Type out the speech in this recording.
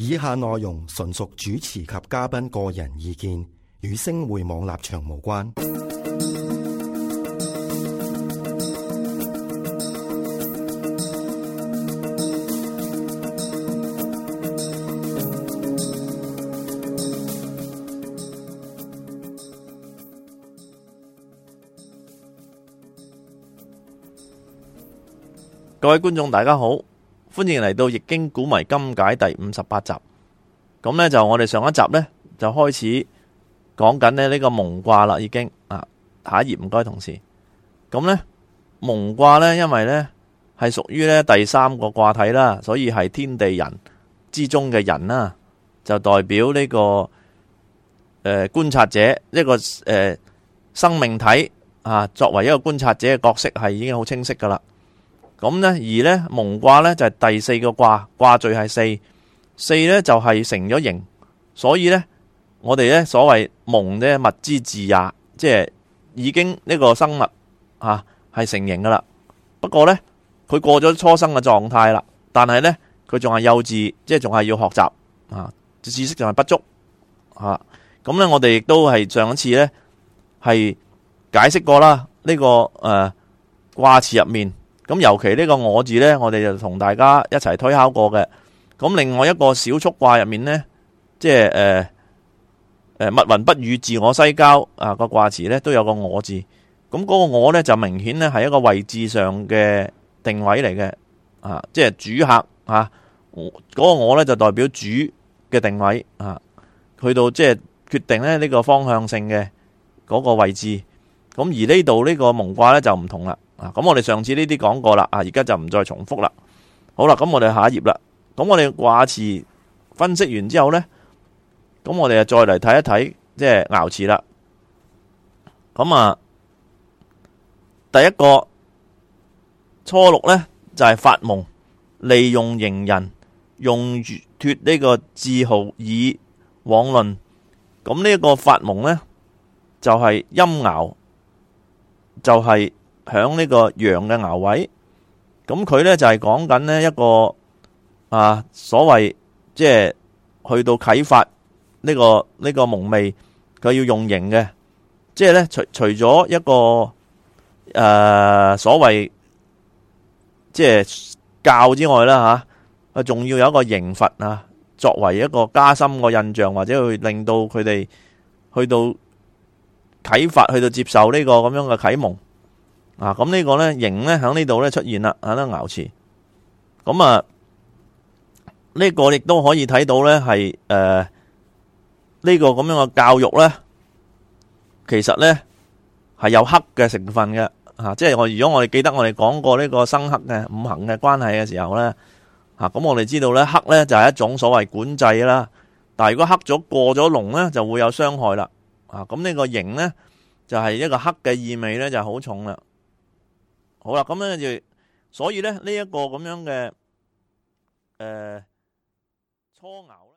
以下內容純屬主持及嘉賓個人意見，與星匯網立場無關。各位觀眾，大家好。歡迎嚟到《易經古謎今解》第五十八集，咁呢，就我哋上一集呢，就開始講緊咧呢個蒙卦啦，已經啊，下一頁唔該，同事，咁呢，蒙卦呢，因為呢係屬於呢第三個卦體啦，所以係天地人之中嘅人啦，就代表呢、這個誒、呃、觀察者一個誒、呃、生命體啊，作為一個觀察者嘅角色係已經好清晰噶啦。咁咧，而咧蒙卦咧就係第四個卦，卦序係四四咧就係成咗形，所以咧我哋咧所謂蒙咧，物之稚也，即係已經呢個生物吓係成型噶啦。不過咧佢過咗初生嘅狀態啦，但係咧佢仲係幼稚，即係仲係要學習啊，知識仲係不足吓。咁、啊、咧，我哋亦都係上一次咧係解釋過啦呢、這個誒、呃、卦辭入面，咁尤其呢個我字呢，我哋就同大家一齊推敲過嘅。咁另外一個小畜卦入面呢，即係誒誒，密、呃、雲不雨，自我西交郊啊，個卦辭咧都有個我字。咁、那、嗰個我呢，就明顯咧係一個位置上嘅定位嚟嘅啊，即係主客啊，嗰、那個我呢，就代表主嘅定位啊，去到即係決定咧呢個方向性嘅嗰個位置。咁而呢度呢個蒙卦呢，就唔同啦。啊，咁我哋上次呢啲講過啦，啊，而家就唔再重複啦。好啦，咁我哋下一頁啦。咁我哋卦辭分析完之後咧，咁我哋啊再嚟睇一睇，即係爻辭啦。咁啊，第一個初六咧就係發蒙，利用刑人，用脫呢個桎梏以往吝。咁呢一個發蒙咧就係陰爻，就係。響呢個陽嘅牛位，咁佢咧就係講緊呢一個啊，所謂即係去到啟發呢個呢個蒙昧，佢要用刑嘅，即係咧除除咗一個誒所謂即係教之外啦，吓，啊，仲要有一個刑罰啊，作為一個加深個印象，或者去令到佢哋去到啟發，去到接受呢個咁樣嘅啟蒙。啊，咁呢個咧，刑咧喺呢度咧出現啦，喺度咬詞。咁啊，呢個亦都可以睇到咧，係誒呢個咁樣嘅教育咧，其實咧係有克嘅成分嘅。吓，即係我如果我哋記得我哋講過呢個生克嘅五行嘅關係嘅時候咧，吓咁我哋知道咧克咧就係一種所謂管制啦。但係如果克咗過咗龍咧，就會有傷害啦。啊，咁呢個刑咧就係一個克嘅意味咧就好重啦。好啦，咁咧就，所以咧呢一個咁樣嘅，誒，初牛。